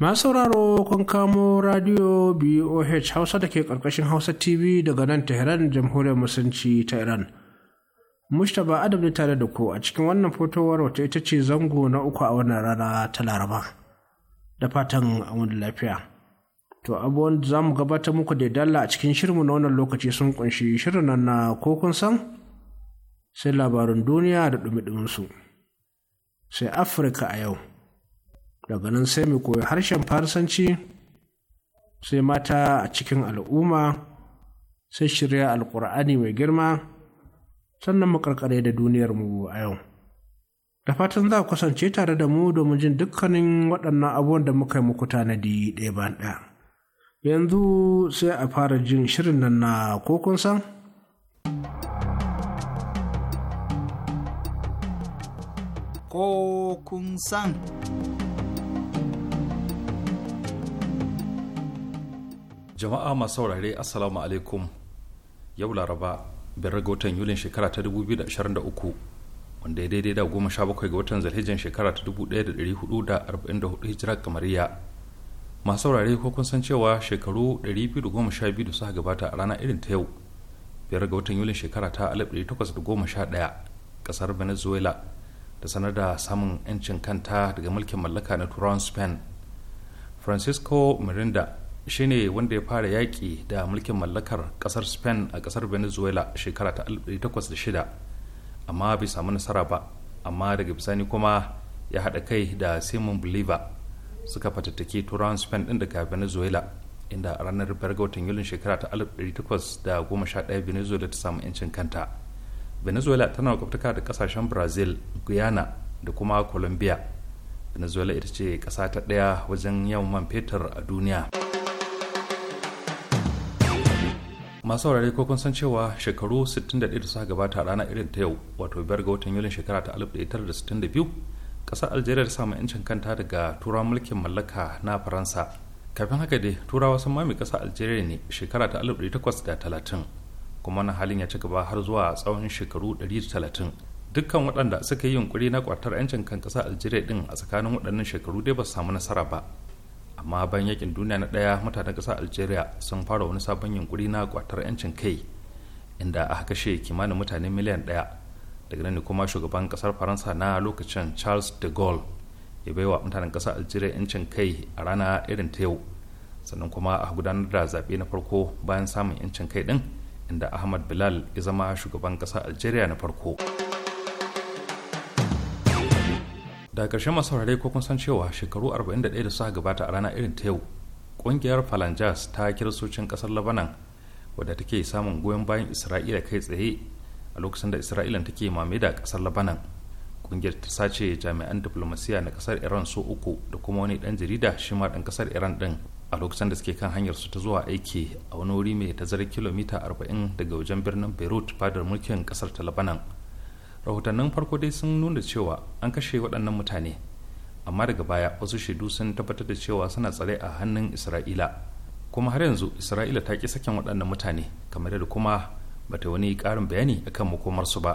masu sauraro kun kamo radio boh hausa da ke karkashin hausa tv daga nan tehran jamhuriyar musulunci ta iran mustapha adam ne tare da ku a cikin wannan fotowar wata ita ce zango na uku a wannan rana ta laraba da fatan wani lafiya to abubuwan da za mu gabatar muku da dalla a cikin shirinmu na wannan lokaci sun kunshi shirin nan na ko kun san sai labarin duniya da dumi su sai afirka a yau daga nan sai mu koyi harshen farisanci sai mata a cikin al'umma sai shirya alkur'ani mai girma sannan mu karkare da duniyarmu a yau da fatan za ku kasance tare da mu domin jin dukkanin waɗannan abubuwan da muka yi muku tanadi ɗaya bayan ɗaya yanzu sai a fara jin shirin nan na ko san ko kun san jama'a masu saurare assalamu alaikum yau laraba bin ragautan watan yulin shekara ta 2023 wanda ya daidai da goma sha bakwai ga watan zalhijin shekara ta 1444 hijirar kamariya masu saurare ko kun san cewa shekaru 212 da suka gabata a rana irin ta yau biyar ga watan yulin shekara ta 1811 kasar venezuela da sanar da samun 'yancin kanta daga mulkin mallaka na turan spain francisco mirinda shine wanda ya fara yaƙi da mulkin mallakar ƙasar spain a ƙasar venezuela shekara ta 1806 amma bai samu nasara ba amma daga bisani kuma ya haɗa kai da simon bolivar suka fatattake turawan spain ɗin daga venezuela inda a ranar bargautan yulin shekara ta 1811 venezuela ta samu 'yancin kanta venezuela tana kwaftaka da kasashen brazil guyana da kuma colombia venezuela ita ce ƙasa ta ɗaya wajen yawan man fetur a duniya. masu saurare ko kun san cewa shekaru 61 da suka gabata rana irin ta yau wato biyar ga watan yulin shekara ta 1962 kasar algeria ta samu yancin kanta daga turawan mulkin mallaka na faransa kafin haka dai turawa sun mami kasar algeria ne shekara ta 1830 kuma na halin ya ci gaba har zuwa tsawon shekaru 130 dukkan waɗanda suka yi yunkuri na kwatar yancin kan kasar algeria din a tsakanin waɗannan shekaru dai ba su samu nasara ba amma bayan yakin duniya na ɗaya mutanen ƙasar algeria sun fara wani sabon yunkuri na kwatar 'yancin kai inda aka kashe kimanin mutane miliyan ɗaya daga nan ne kuma shugaban ƙasar faransa na lokacin charles de gaulle ya bai wa mutanen ƙasar algeria 'yancin kai a rana irin ta yau sannan kuma a gudanar da zaɓe na farko bayan samun 'yancin kai ɗin inda ahmad bilal ya zama shugaban ƙasar algeria na farko. daga ƙarshen masu saurare ko kun san cewa shekaru 41 da suka gabata a rana irin ta yau ƙungiyar falangers ta kirsocin ƙasar labanan wadda take samun goyon bayan isra'ila kai tsaye a lokacin da isra'ila take mame da ƙasar labanan ƙungiyar ta sace jami'an diplomasiya na ƙasar iran su uku da kuma wani ɗan jarida shi ma ɗan ƙasar iran ɗin a lokacin da suke kan hanyar su ta zuwa aiki a wani wuri mai tazarar kilomita 40 daga wajen birnin beirut fadar mulkin ƙasar ta labanan rahotannin farko dai sun nuna cewa an kashe waɗannan mutane amma daga baya wasu shaidu sun tabbatar da cewa suna tsare a hannun isra'ila kuma har yanzu isra'ila ta ƙi sakin waɗannan mutane kamar da kuma bata wani ƙarin bayani akan makomarsu ba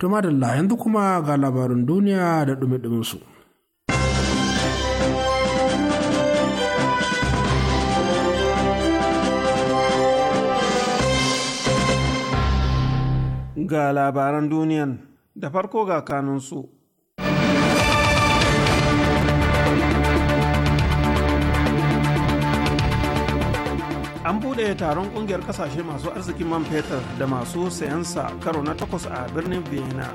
To madalla yanzu kuma ga labarin duniya da ɗumi su. Ga labaran duniyan da farko ga kanunsu. buɗe taron ƙungiyar ƙasashe masu arzikin man fetur da masu sayansa karo na takwas a birnin vienna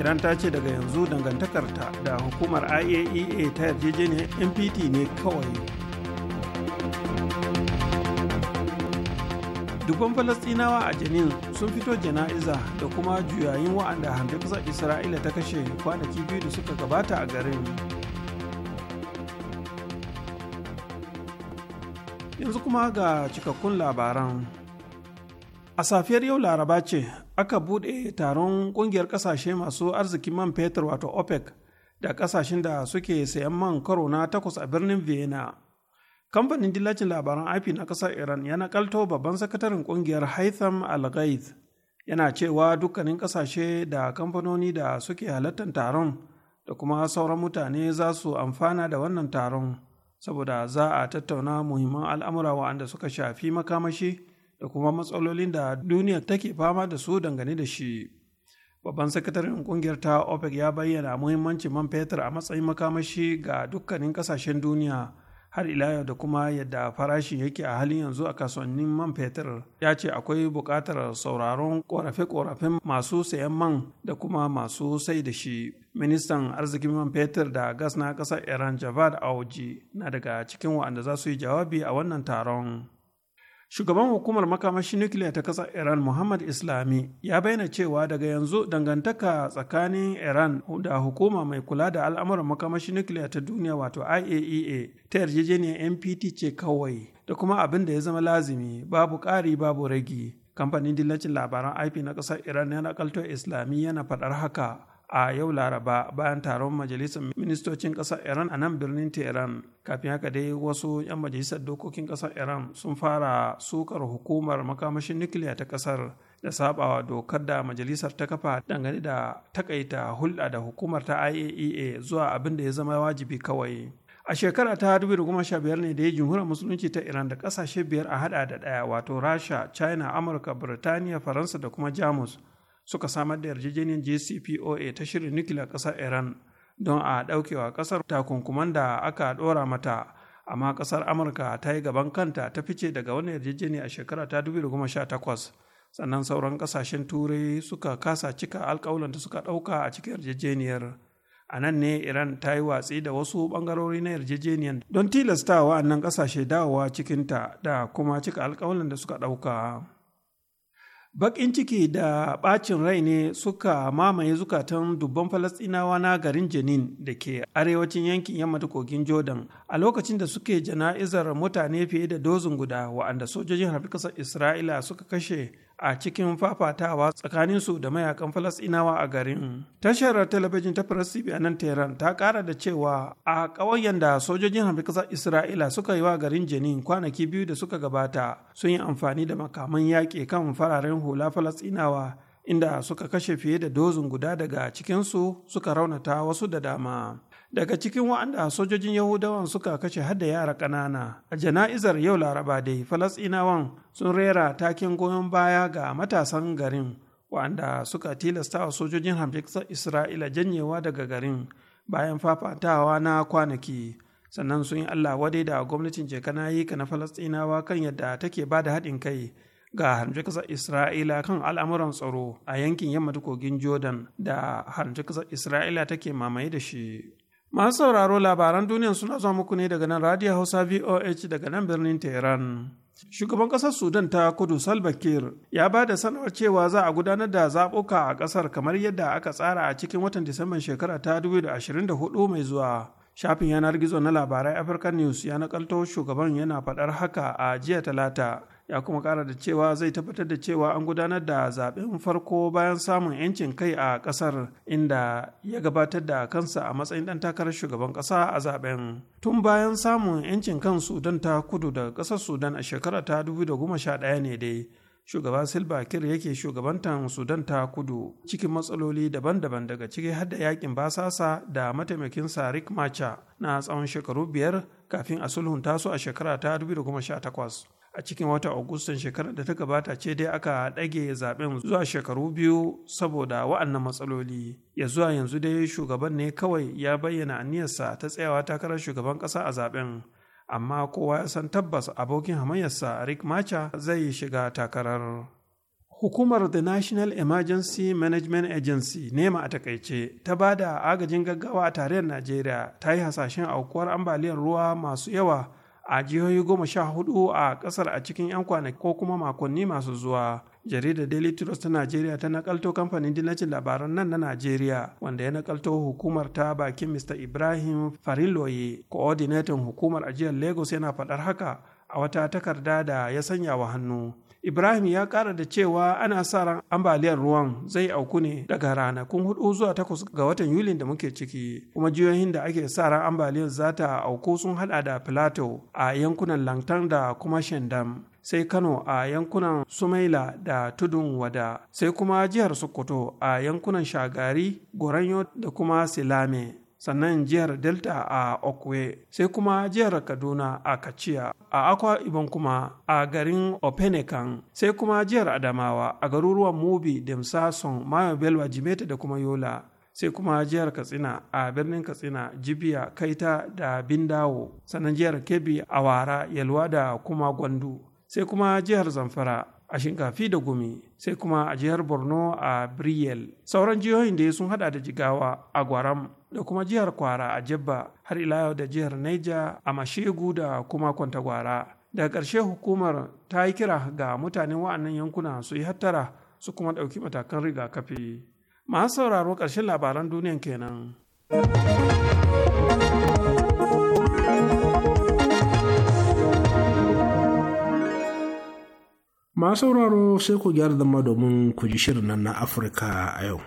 iran ta ce daga yanzu dangantakarta da hukumar iaea e ta yarjejeniyar npt ne kawai dubban falastinawa a Jenin sun fito jana'iza da kuma juyayin wa'anda kusa isra'ila ta kashe kwanaki biyu da suka gabata a garin yanzu kuma ga cikakkun labaran a safiyar yau laraba ce aka buɗe taron ƙungiyar ƙasashe masu arzikin man fetur wato opec da ƙasashen da suke sayan man karo na takwas a birnin vienna kamfanin dillacin labaran IP na ƙasar Iran ya kalto babban sakataren ƙungiyar Haitham al yana cewa dukkanin ƙasashe da kamfanoni da suke halartar taron da kuma sauran mutane za su amfana da wannan taron saboda za a tattauna muhimman al'amura wa'anda suka shafi makamashi da kuma matsalolin da duniya take fama da su dangane da shi babban sakataren kungiyar ta opec ya bayyana muhimmancin man fetur a matsayin makamashi ga dukkanin ƙasashen duniya har ila yau da kuma yadda farashi yake a halin yanzu a kasuwannin man fetur ya ce akwai buƙatar sauraron ƙorafe-ƙorafen masu sayan man da kuma masu sai da shi ministan arzikin man fetur da gas na ƙasar iran javad auji na daga cikin waɗanda za su yi jawabi a wannan taron Shugaban hukumar makamashin nukiliya ta ƙasar Iran Muhammad Islami ya bayyana cewa daga yanzu dangantaka tsakanin Iran da hukuma mai kula da al'amuran makamashin nukiliya ta duniya wato IAEA e ta yarjejeniyar NPT ce kawai da kuma abin da ya zama lazimi babu ƙari babu ragi. Kamfanin dillacin labaran IP na ƙasar Iran yana kalto Islami yana faɗar haka a yau laraba bayan taron majalisar ministocin kasar iran a nan birnin tehran kafin haka dai wasu 'yan majalisar dokokin ƙasar iran sun fara sukar hukumar makamashin nukiliya ta ƙasar da sabawa dokar da majalisar ta kafa dangane da takaita hulɗa da hukumar ta iaea e zuwa abin da ya zama wajibi kawai a shekara ta 2015 ne da ya jumhuriyar musulunci ta iran da kasashe biyar a hada da ɗaya wato rasha china amurka birtaniya faransa da kuma jamus suka samar da yarjejeniyar jcpoa ta shirin nukiliyar ƙasar iran don a ɗaukewa ƙasar takunkuman da aka ɗora mata amma ƙasar amurka ta yi gaban kanta ta fice daga wani yarjejeniya a shekara ta 2018 sannan sauran ƙasashen turai suka kasa cika alƙawulan da suka ɗauka a cikin yarjejeniyar a nan ne iran ta yi watsi da wasu ɓangarori na yarjejeniyar don tilastawa nan ƙasashe dawowa cikinta da kuma cika alƙawulan da suka ɗauka. Bakin ciki da ɓacin rai ne suka mamaye zukatan dubban Falasɗinawa na garin Jenin da ke arewacin yankin yamma da kogin Jordan a lokacin da suke jana'izar mutane fiye da dozin guda wa'anda sojojin harfi ƙasar Isra'ila suka kashe a cikin fafatawa tsakaninsu da mayakan falasinawa a garin tashar talabijin ta farasibi a nan tehran ta kara da cewa a ƙauyen da sojojin hamdu ƙasar isra'ila suka yi wa garin jenin kwanaki biyu da suka gabata sun yi amfani da makaman yaƙi kan fararen hula falasinawa inda suka kashe fiye da dozin guda daga cikinsu suka raunata wasu da dama daga cikin wa'anda sojojin yahudawan suka kashe hadda yara ƙanana a jana'izar yau laraba dai falasinawan sun rera takin goyon baya ga matasan garin wa'anda suka tilasta wa sojojin hamfisar isra'ila janyewa daga garin bayan fafatawa na kwanaki sannan sun yi allah wadai da gwamnatin yi ka na falasinawa kan yadda take ba da haɗin kai ga hamfisar isra'ila kan al'amuran tsaro a yankin yamma kogin jordan da hamfisar isra'ila take mamaye da shi masu sauraro labaran duniya suna zuwa muku ne daga nan radio hausa voh daga nan birnin tehran shugaban kasar sudan ta kudu salva kiir ya ba da sanarwar cewa za a gudanar da zaɓuka a ƙasar kamar yadda aka tsara a cikin watan disamban shekara ta 2024 mai zuwa shafin yanar gizo na labarai african news ya nakalto shugaban yana faɗar haka a jiya talata ya kuma kara da cewa zai tabbatar da cewa an gudanar da zaben farko bayan samun 'yancin kai a kasar inda ya gabatar da kansa a matsayin dan takarar shugaban kasa a zaben tun bayan samun 'yancin kan sudan ta kudu daga kasar sudan a shekara ta 2011 ne dai shugaba silva kir yake shugabantan sudan ta kudu cikin matsaloli daban-daban daga ciki har yakin basasa da mataimakinsa rick macha na tsawon shekaru biyar kafin a sulhunta su a shekara ta 2018 a cikin wata agustan shekarar da ta gabata ce dai aka ɗage zaben zuwa shekaru biyu saboda wa'annan matsaloli ya zuwa yanzu dai shugaban ne kawai ya bayyana aniyarsa ta tsayawa takarar shugaban ƙasa a zaben amma kowa ya san tabbas abokin hamayyarsa rick macha zai shiga takarar hukumar the national emergency management agency nema a takaice ta ba da agajin gaggawa a tarayyar najeriya ta yi hasashen aukuwar ambaliyar ruwa masu yawa a jihohi goma sha hudu a kasar a cikin 'yan kwanaki ko kuma makonni masu zuwa jaridar daily trust ta najeriya ta nakalto kamfanin dinacin labaran nan na najeriya wanda ya nakalto hukumar ta bakin mr ibrahim fariloye coordinating hukumar ajiyar lagos yana faɗar haka a wata takarda da ya sanya wa hannu Ibrahim ya ƙara da cewa ana sa ran ambaliyar ruwan zai auku ne daga ranakun hudu zuwa takwas ga watan Yulin da muke ciki, kuma jiyoyin da ake sa ran ambaliyar za ta auku sun hada da Plateau a yankunan Lantan da kuma Shandam. sai Kano a yankunan Sumaila da Tudun Wada, sai kuma jihar Sokoto a yankunan Shagari, Goranyo da kuma Silame. sannan jihar delta a okwe sai kuma jihar kaduna a kaciya a akwa ibon kuma a garin openekan sai kuma jihar adamawa a garuruwan mubi demsason mayo belwa jimeta da kuma yola sai kuma jihar katsina a birnin katsina jibiya kaita da bindawo sannan jihar kebbi a wara yalwa da kuma gwandu sai kuma jihar zamfara a shinkafi da gumi sai kuma a jihar borno a briel sauran jihohin da sun hada da jigawa a gwaram da kuma jihar kwara a jibba har ila yau da jihar Naija a mashegu da kuma kwantagwara daga ƙarshe hukumar ta yi kira ga mutanen wa'annan yankuna su yi hattara su kuma ɗauki matakan rigakafi masu sauraro ƙarshen labaran duniyan kenan masu sauraro sai ku gyara zama domin ku ji shirin nan na afirka a yau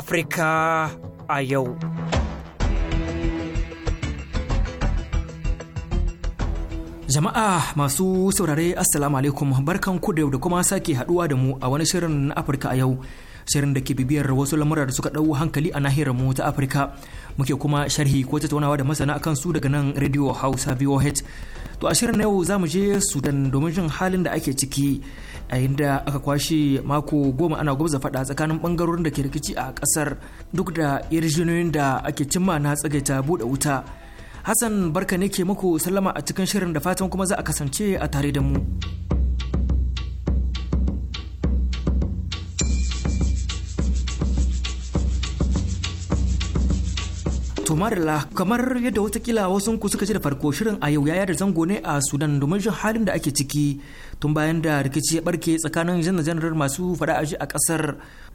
Africa. Ayo. Jama'a masu saurare Assalamu alaikum barkan ku da yau da kuma sake haduwa da mu a wani shirin na Afirka a yau. Shirin da ke bibiyar wasu lamura da suka ɗau hankali a nahiyar mu ta Afirka. Muke kuma sharhi ko tattaunawa da masana kan su daga nan Radio Hausa VOH. To a shirin na yau za mu je Sudan domin jin halin da ake ciki a inda aka kwashe mako goma ana gwabza faɗa tsakanin bangarorin da ke rikici a ƙasar duk da yarjejeniyoyin da ake cimma na tsagaita buɗe wuta. Hassan barka ne ke muku sallama a cikin shirin da fatan kuma za a kasance a tare da mu. Tomarila kamar yadda watakila wasu ku suka ce da farko shirin a yau yaya da zango ne a Sudan domin jin halin da ake ciki tun bayan da rikici ya barke tsakanin janar janar masu fada'aji a ƙasar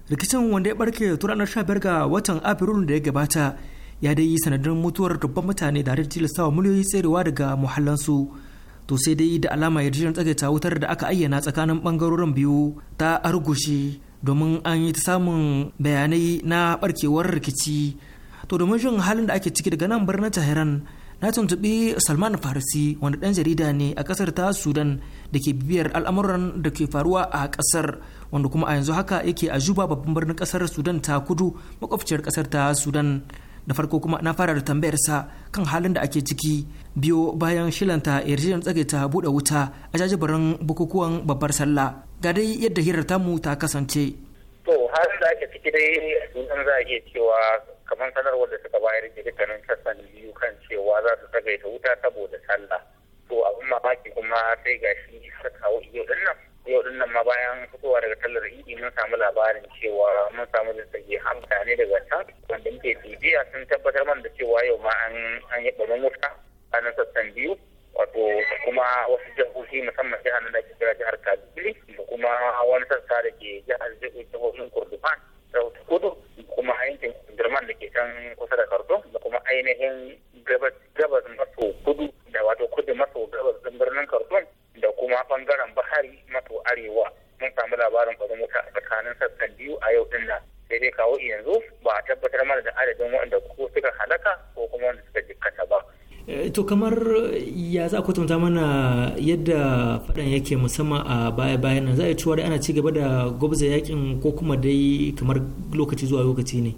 rikicin wanda ya barke tun ranar 15 ga watan Afrilu da ya gabata ya dai yi sanadin mutuwar dubban mutane da da tilastawa miliyoyi tserewa daga muhallansu to sai dai da alama yarjejen tsagaita wutar da aka ayyana tsakanin bangarorin biyu ta argushi domin an yi ta samun bayanai na barkewar rikici to domin jin halin da ake ciki daga nan birnin tahiran na tuntuɓi salman farisi wanda dan jarida ne a ƙasar ta sudan da ke bibiyar al'amuran da ke faruwa a kasar wanda kuma a yanzu haka yake a juba babban birnin kasar sudan ta kudu makwabciyar kasar ta sudan da farko kuma na fara da tambayar sa kan halin da ake ciki biyo bayan shilanta yarjejen tsage ta buɗe wuta a jajibarin bukukuwan babbar sallah ga dai yadda hirar tamu ta kasance to halin da ake ciki dai nan za a iya cewa kamar sanarwar da suka bayar da dukkanin sassan biyu kan cewa za su tsagaita wuta saboda sallah to abin mamaki kuma sai gashi suka kawo iyo nan yau din nan ma bayan fitowa daga tallar idi mun samu labarin cewa mun samu da hamsa daga can wanda muke bibiya sun tabbatar mana da cewa yau ma an yi ɓarin wuta a nan sassan biyu wato kuma wasu jihohi musamman jihar da ke kira jihar kaduna da kuma wani sassa da ke jihar jihohin kurdufan to kamar ya za a kwatanta mana yadda faɗan yake musamman a baya bayan nan za a yi cewa ana ci gaba da gwabza yakin ko kuma dai kamar lokaci zuwa lokaci ne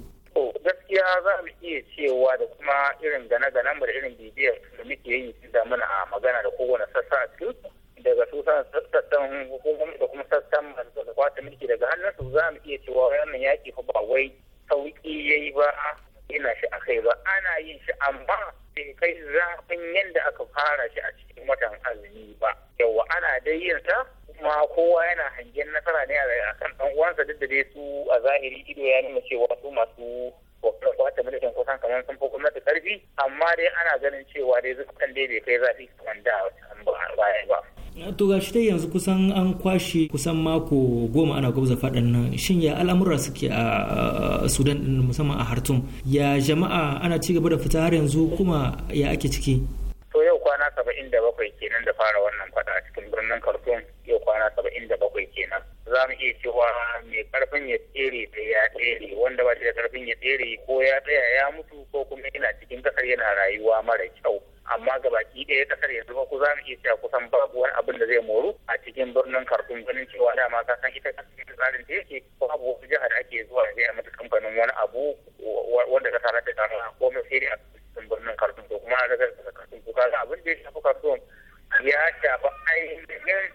ga shi dai yanzu kusan an kwashe kusan mako goma ana gwabza faɗan nan shin ya al'amura suke a sudan musamman a hartum ya jama'a ana ci gaba da fita har yanzu kuma ya ake ciki babu wasu jihar da ake zuwa a gaya mata kamfanin wani abu wanda ka tarar da dama ko mai sai a cikin birnin kartun ko kuma a da kartun ko kaga abin da ya shafi karfin ya shafi ainihin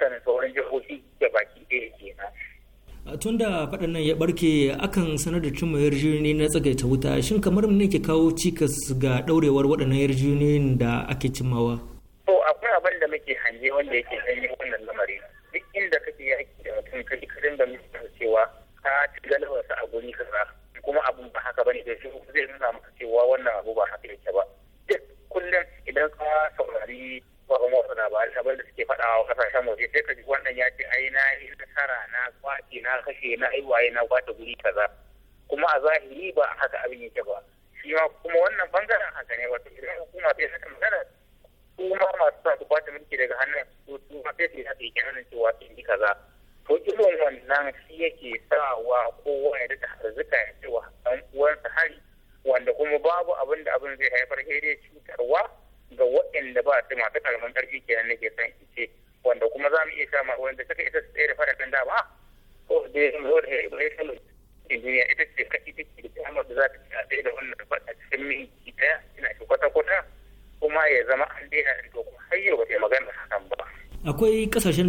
kan sauran jihohi da baki ɗaya kenan tun da faɗin nan ya barke akan sanar da cimma yarjejeniyoyi na tsagaita wuta shin kamar ne ke kawo cikas ga ɗaurewar waɗannan yarjejeniyoyin da ake cimmawa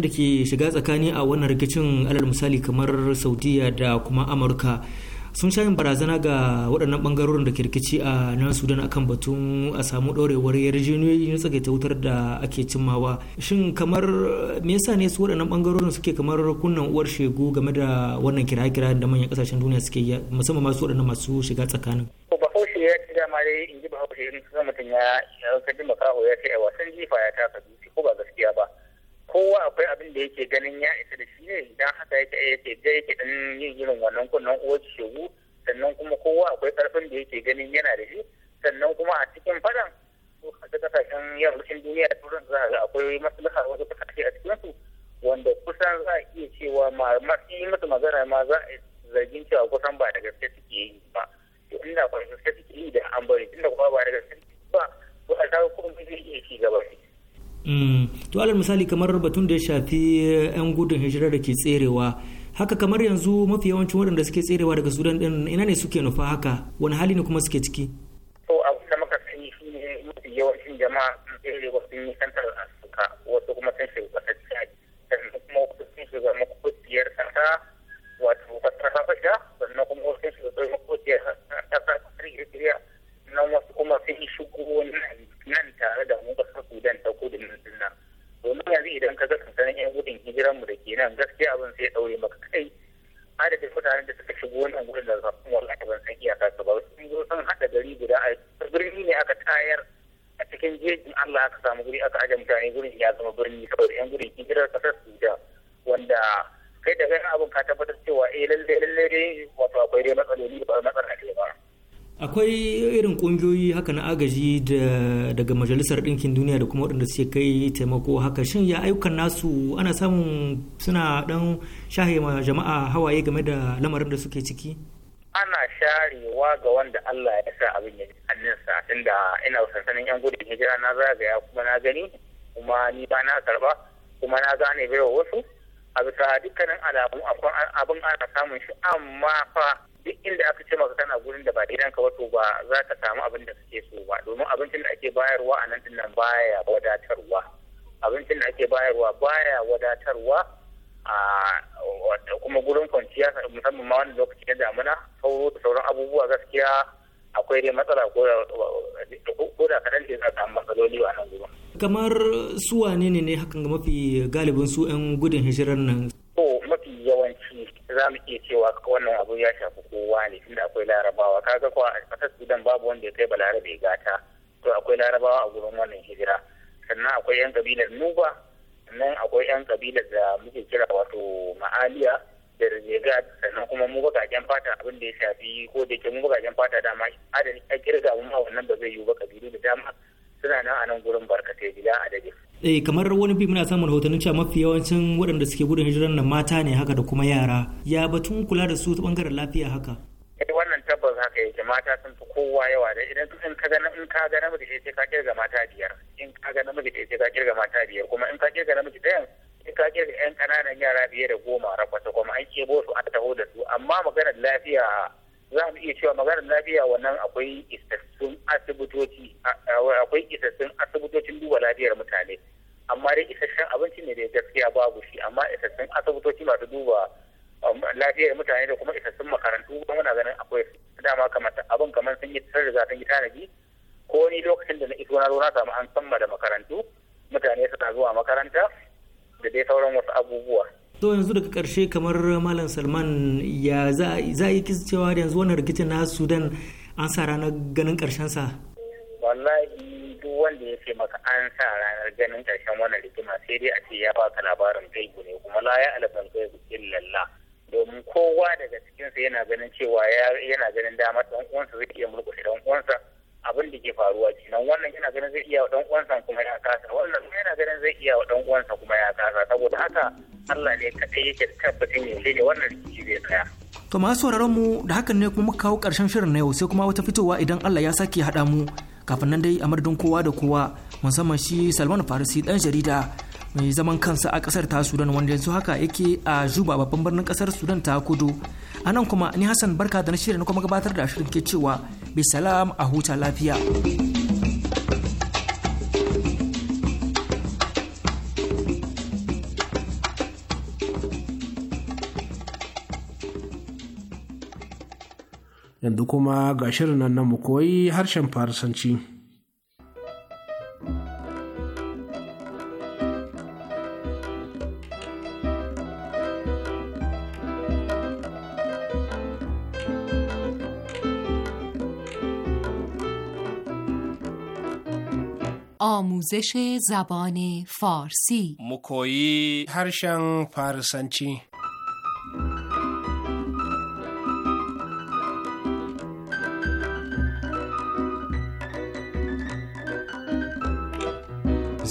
kasashen da ke shiga tsakani a wannan rikicin alal misali kamar saudiya da kuma amurka sun sha yin barazana ga waɗannan ɓangarorin da ke rikici a nan sudan akan batun a samu ɗorewar yarjejeniyoyin ta wutar da ake cimmawa shin kamar me yasa ne su waɗannan ɓangarorin suke kamar kunnan uwar shegu game da wannan kira-kira da manyan ƙasashen duniya suke yi musamman masu waɗannan masu shiga tsakanin ya ci dama dai in ji bahaushe in tun ya kaji makaho ya ce a wasan jifa ya taka biyu kowa akwai abin da yake ganin ya isa da shi ne idan haka yake yake ga yake dan yin irin wannan kunnen uwar shegu sannan kuma kowa akwai karfin da yake ganin yana da shi sannan kuma a cikin fadan ko da kasashen yammacin duniya da turan za a akwai maslaha wasu kasashe a cikin su wanda kusan za a iya cewa masu yi musu magana ma za a zargin cewa kusan ba da gaske suke yi ba inda ba da gaske suke yi da an bari inda kuma ba da gaske ba ko a ta kuma zai iya ci gaba Mm. to alal misali kamar batun da ya shafi 'yan eh, gudun hijira da ke tserewa haka kamar yanzu mafi yawancin waɗanda suke tserewa daga sudan ɗin ina ne suke nufa haka wani hali ne kuma suke ciki to abu da muka sani shi mafi yawancin jama'a sun tsere sun yi kantar asuka wasu kuma sun shiga ƙasar sannan kuma wasu sun shiga makwabciyar kasa wato ƙasar habasha sannan kuma wasu sun shiga makwabciyar sannan wasu kuma sun yi shigo nan tare da mu kasar sudan ta kudu nan nan domin yanzu idan ka ga sansanin yan gudun hijiran mu da ke nan gaskiya abin sai ɗaure maka kai adadin mutanen da suka shigo wannan gudun da zafin wallahi ban san iyaka ka ba sun zo sun haɗa gari guda a birni ne aka tayar a cikin jejin Allah aka samu guri aka aje mutane gurin ya zama birni saboda yan gudun hijirar kasar sudan wanda kai da gani abin ka tabbatar cewa eh lalle lallai dai wato akwai dai matsaloli ba matsala ne ba akwai irin kungiyoyi haka na agaji daga majalisar ɗinkin duniya da kuma waɗanda suke kai taimako haka shin ya ayyukan nasu ana samun suna ɗan shahe ma jama'a hawaye game da lamarin da suke ciki ana sharewa ga wanda Allah ya sa abin ya hannunsa tunda ina sansanin yan gudun hijira na zagaya kuma na gani kuma ni ba na karba kuma na gane baiwa wasu a bisa dukkanin alamu abin ana samun shi amma fa duk inda aka ce maka kana gurin da ba gidanka ka wato ba za ka samu abin da suke so ba domin abincin da ake bayarwa a nan din nan baya wadatarwa abincin da ake bayarwa baya wadatarwa a kuma gurin kwanciya musamman ma wani lokaci na damuna sauro da sauran abubuwa gaskiya akwai dai matsala ko da kaɗan ce za a samu matsaloli a nan gurin. kamar su wane ne ne hakan ga mafi galibin su 'yan gudun hijirar nan. to mafi yawanci za mu iya cewa wannan abu ya shafi kowa ne tunda akwai larabawa kaga kuwa a kasar sudan babu wanda ya kai balarabe gata to akwai larabawa a gurin wannan hijira sannan akwai yan kabilar nuba sannan akwai yan kabilar da muke kira wato ma'aliya da rijega sannan kuma mu bakaken fata abin da ya shafi ko da ke mu bakaken fata dama adadin a kirga mu ma wannan ba zai yiwu ba kabilu da dama suna nan a nan gurin barkatai a a eh kamar wani bi muna samun rahotannin cewa mafi yawancin waɗanda suke gudun hijiran nan mata ne haka da kuma yara ya batun kula da su ta bangaren lafiya haka eh wannan tabbas haka yake mata sun fi kowa yawa da idan in ka ga in ka ga namiji sai ka kirga mata biyar in ka ga namiji sai ka kirga mata biyar kuma in ka kirga namiji ɗayan sai ka kirga ƴan ƙananan yara biye da goma rakwata kuma an kebo su an taho da su amma maganar lafiya za mu iya cewa maganar lafiya wannan akwai isassun asibitoci akwai isassun asibitocin duba lafiyar mutane amma dai isasshen abinci ne da gaskiya babu shi amma isassun asibitoci masu duba um, lafiyar mutane da kuma isassun makarantu ba muna ganin akwai dama kamar abin kamar sun yi sun riga sun yi tanadi ko ni lokacin da na iso na zo na samu an samma da makarantu mutane suna zuwa makaranta da dai sauran wasu abubuwa to yanzu daga karshe kamar malam salman ya za a yi cewa yanzu wannan rikicin na sudan an sa ranar ganin karshen sa wallahi duk wanda ya ce maka an sa ranar ganin karshen wannan rigima sai dai a ce ya baka labarin gaibu ne kuma la ya alaban gaibu lalla domin kowa daga cikinsa yana ganin cewa yana ganin damar dan uwansa zai iya mulku dan uwansa abin da ke faruwa kenan wannan yana ganin zai iya wa dan uwansa kuma ya kasa wannan yana ganin zai iya wa dan uwansa kuma ya kasa saboda haka Allah ne ka kai yake tabbatin yanzu ne wannan rikici zai tsaya. To masu sauraron mu da hakan ne kuma muka kawo ƙarshen shirin na yau sai kuma wata fitowa idan Allah ya sake haɗa mu kafin nan dai a madadin kowa da kowa musamman shi Salman Farisi dan jarida mai zaman kansa a kasar ta Sudan wanda yanzu haka yake a Juba babban birnin kasar Sudan ta kudu. A nan kuma ni Hassan barka da na shirin kuma gabatar da shirin ke cewa bisalam a huta lafiya. yanzu kuma ga shirin nan na mu koyi harshen farsanci آموزش زبان فارسی مکویی هرشن فارسنچی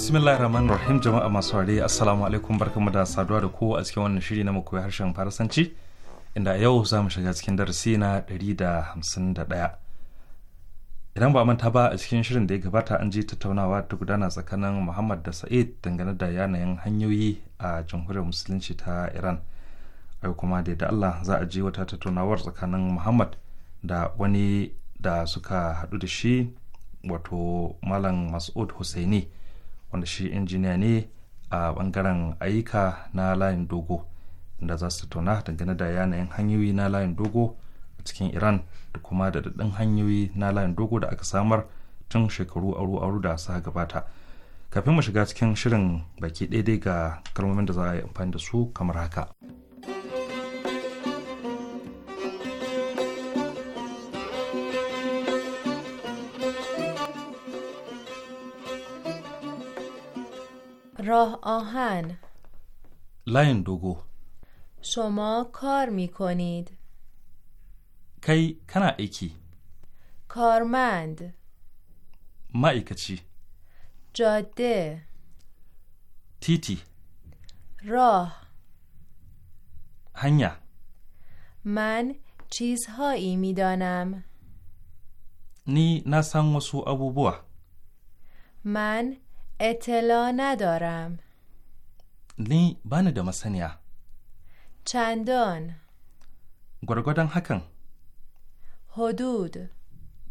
bismillahir rahim jama'a masu ware assalamu alaikum barkamu da saduwa da ku a cikin wannan shiri na makoyi harshen farasanci inda yau za mu shiga cikin darasi na ɗari da hamsin da ɗaya idan ba manta ba a cikin shirin da ya gabata an ji tattaunawa ta gudana tsakanin muhammad da sa'id dangane da yanayin hanyoyi a jamhuriyar musulunci ta iran ai kuma da da allah za a ji wata tattaunawar tsakanin muhammad da wani da suka haɗu da shi wato malam mas'ud hussaini wanda shi injiniya ne a bangaren ayyuka na layin dogo inda za su tattauna dangane da yanayin hanyoyi na layin dogo a cikin iran da kuma da daɗin hanyoyi na layin dogo da aka samar tun shekaru aru-aru da sa gabata kafin mu shiga cikin shirin baki daidai ga kalmomin da za a yi amfani da su kamar haka. راه آهن لاین دوگو شما کار می کنید کی کنا ایکی کارمند مایکچی جاده تیتی راه هنیا من چیزهایی دانم نی نسان ابو بوا من اطلاع ندارم نی بانه دو مسانیا چندان گرگودن حکن حدود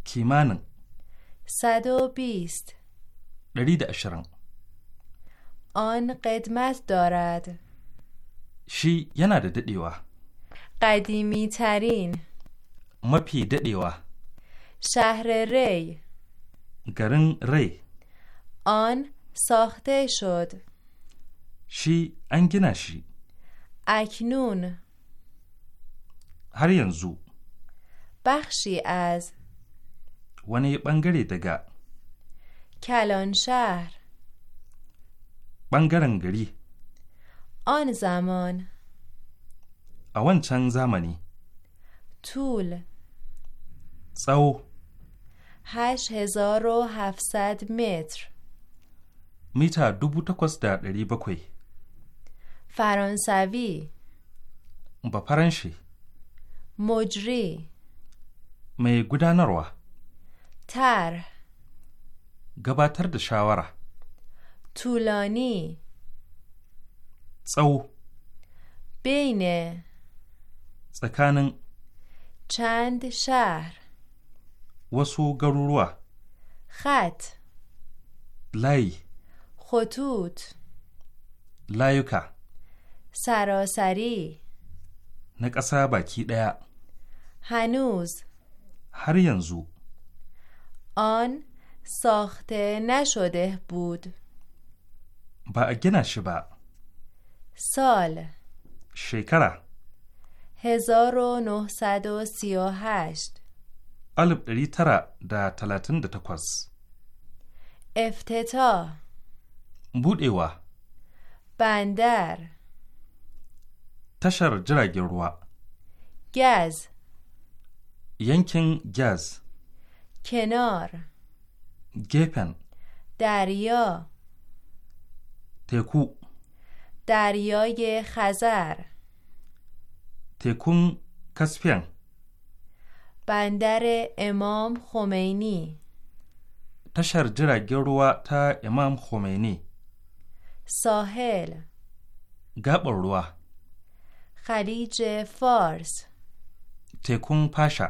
کیمان. صد و بیست درید اشرن آن قدمت دارد شی یه نده ددیوه قدیمی ترین مپی ددیوه شهر ری گرن ری آن ساخته شد شی نشی اکنون هر زو بخشی از ونی بنگری دگا کلان شهر بنگرنگری آن زمان اون چند زمانی طول سو هشت هزار و هفتصد متر mita dubu takwas da ɗari bakwai. faransawi ba mojri mai gudanarwa tar gabatar da shawara tulani tsawo bene tsakanin Chand shar. wasu garuruwa khat Layi. خطوط لایوکا سراسری نکسا با کی دیا هنوز هر ینزو آن ساخته نشده بود با اگه نشبا سال شیکره هزار و نه سد و هشت الب دری ترا دا تلاتن دا تکوز افتتا ایوا، بندر تشر جiragen گز گاز گز گاز کنار گپن دریا تکو دریای خزر تکون کسپین بندر امام خمینی تشر جiragen تا امام خمینی ساحل gaɓar خلیج فارس تکون پاشا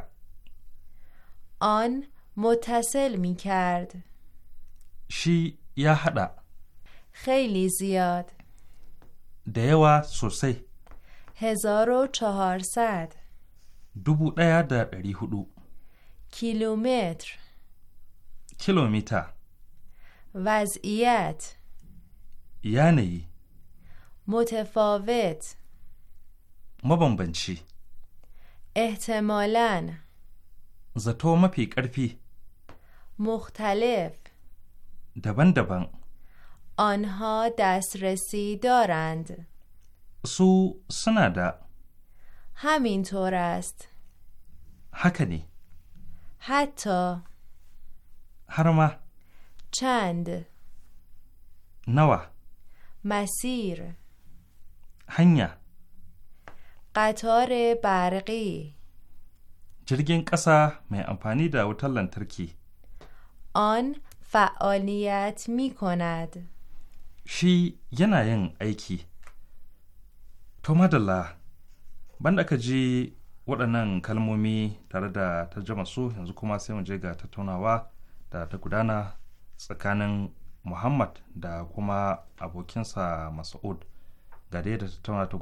آن متصل می کرد شی یا خیلی زیاد دیوا سوسی هزار و چهارصد دوبو دیا در کیلومتر کیلومتر وضعیت یعنی متفاوت مبنبنچی احتمالا زتو پی کرفی مختلف دبن دبن آنها دسترسی دارند سو سنادا طور است حکنی حتی هرما چند نوه masir. hanya قطار برقی jirgin ƙasa mai amfani da wutar lantarki on فعالیت می shi yana yin aiki to madalla banda ka ji waɗannan kalmomi tare da tarjama su yanzu kuma sai mu je ga tattaunawa da ta gudana tsakanin محمد da kuma abokinsa مسعود تو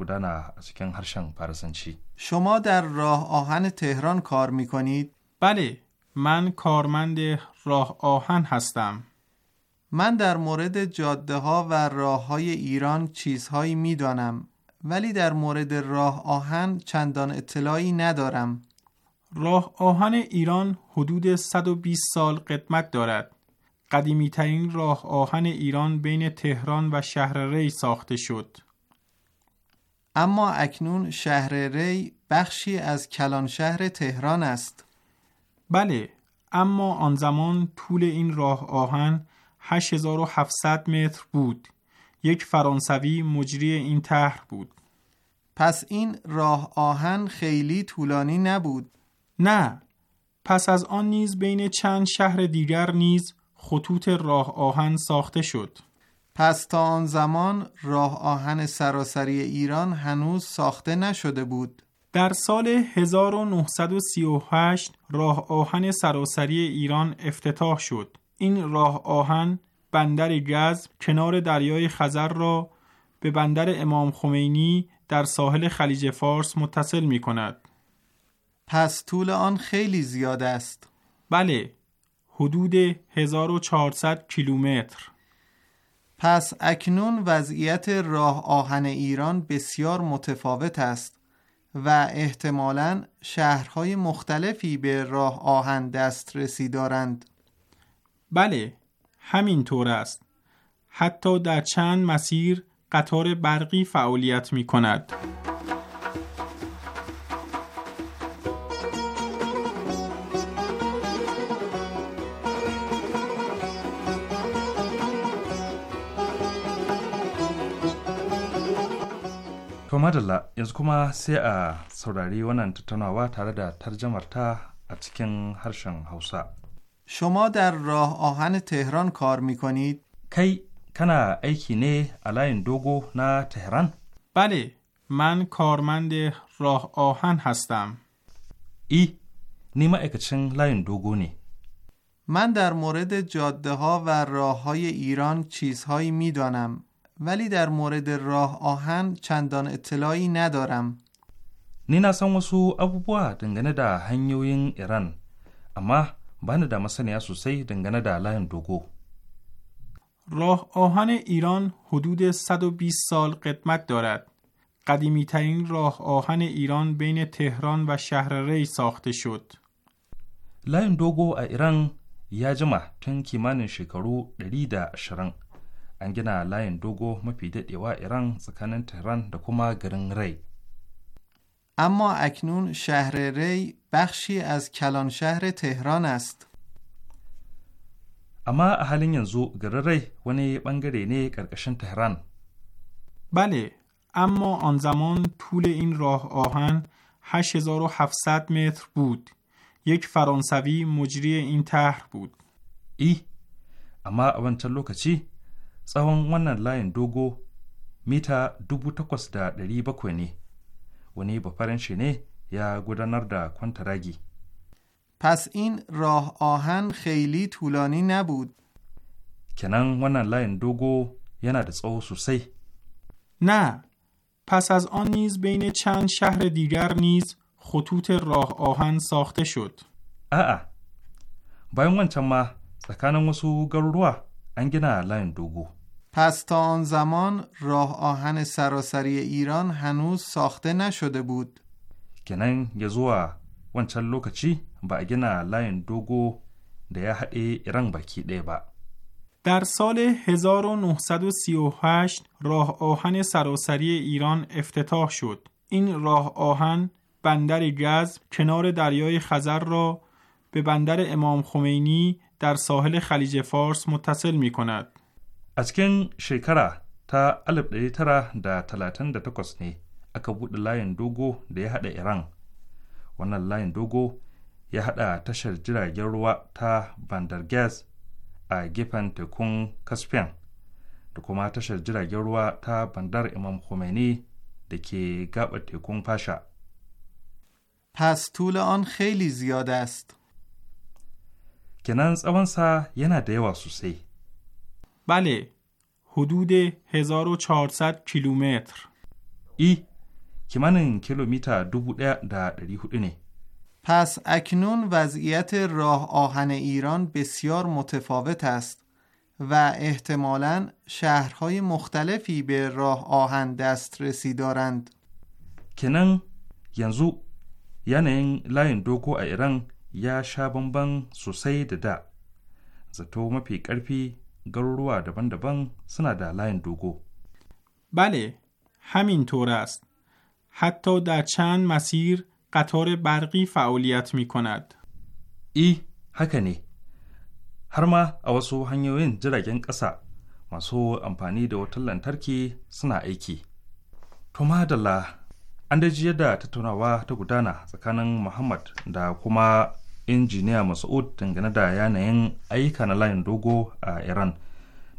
شما در راه آهن تهران کار می کنید؟ بله من کارمند راه آهن هستم من در مورد جاده ها و راه های ایران چیزهایی می ولی در مورد راه آهن چندان اطلاعی ندارم راه آهن ایران حدود 120 سال قدمت دارد قدیمی ترین راه آهن ایران بین تهران و شهر ری ساخته شد. اما اکنون شهر ری بخشی از کلان شهر تهران است. بله، اما آن زمان طول این راه آهن 8700 متر بود. یک فرانسوی مجری این طرح بود. پس این راه آهن خیلی طولانی نبود. نه، پس از آن نیز بین چند شهر دیگر نیز خطوط راه آهن ساخته شد پس تا آن زمان راه آهن سراسری ایران هنوز ساخته نشده بود در سال 1938 راه آهن سراسری ایران افتتاح شد این راه آهن بندر گز کنار دریای خزر را به بندر امام خمینی در ساحل خلیج فارس متصل می کند پس طول آن خیلی زیاد است بله حدود 1400 کیلومتر پس اکنون وضعیت راه آهن ایران بسیار متفاوت است و احتمالا شهرهای مختلفی به راه آهن دسترسی دارند بله همینطور است حتی در چند مسیر قطار برقی فعالیت می کند To madalla yanzu kuma sai a saurari wannan tattaunawa tare da tarjamarta a cikin harshen Hausa. شما در راه آهن تهران کار میکنید کی کنا ایکی نه الاین دوگو نه تهران؟ بله من کارمند راه آهن هستم ای نیما اکچن لاین دوگو نی من در مورد جاده ها و راه های ایران چیزهایی میدانم ولی در مورد راه آهن چندان اطلاعی ندارم. نینا سان وسو دنگنه دا da ایران. اما amma bani da masaniya سی دنگنه دا لاین دوگو. راه آهن ایران حدود 120 سال قدمت دارد. قدیمی ترین راه آهن ایران بین تهران و شهر ری ساخته شد. لاین دوگو ایران یا جمع تن کیمان شکارو 120 an gina layin dogo mafi daɗewa iran tsakanin tehran da kuma garin rai اما اکنون شهر ری بخشی از کلان شهر تهران است. اما اهلین ینزو گرری ری ونی بنگری نی تهران. بله، اما آن زمان طول این راه آهن 8700 متر بود. یک فرانسوی مجری این تهر بود. ای، اما اون چلو کچی tsawon wannan layin dogo mita 8,700 ne wani bafaranshe ne ya gudanar da kwantaragi پس این راه آهن خیلی طولانی نبود. کنن ونن لاین دوگو یه ندس او سوسی. نه. پس از آن نیز بین چند شهر دیگر نیز خطوط راه آهن ساخته شد. آه باید من چما سکانم وسو گرروا انگینا لاین دوگو. پس تا آن زمان راه آهن سراسری ایران هنوز ساخته نشده بود. کنن یه لوکچی با لاین لاین دوگو در سال 1938 راه آهن سراسری ایران افتتاح شد. این راه آهن بندر گز کنار دریای خزر را به بندر امام خمینی در ساحل خلیج فارس متصل می کند. A cikin shekara ta 1938 ne aka buɗe layin dogo da ya haɗa Iran. Wannan layin dogo ya haɗa tashar jiragen ruwa ta Bandar Gas a gefen tekun Caspian da kuma tashar jiragen ruwa ta Bandar Imam Khomeini da ke gaɓa tekun Fasha. Pas tula on خیلی زیاد است. tsawonsa yana da yawa sosai. بله حدود 1400 کیلومتر ای که من کیلومتر دو بوده در نه پس اکنون وضعیت راه آهن ایران بسیار متفاوت است و احتمالا شهرهای مختلفی به راه آهن دسترسی دارند کنن ینزو یعنی لاین دوکو ایران یا شابنبن سوسید ده مفی کرفی garuruwa daban-daban suna da layin dogo. Bale, hamin toras, hatta da can masir katar barqi fa’uliyat mi konad. I, haka ne, har ma a wasu hanyoyin jiragen ƙasa masu amfani da wata lantarki suna aiki. Tuma da la, an da ta tunawa ta gudana tsakanin Muhammad da kuma injiniya masuud dangane da yanayin ayyuka na layin dogo a Iran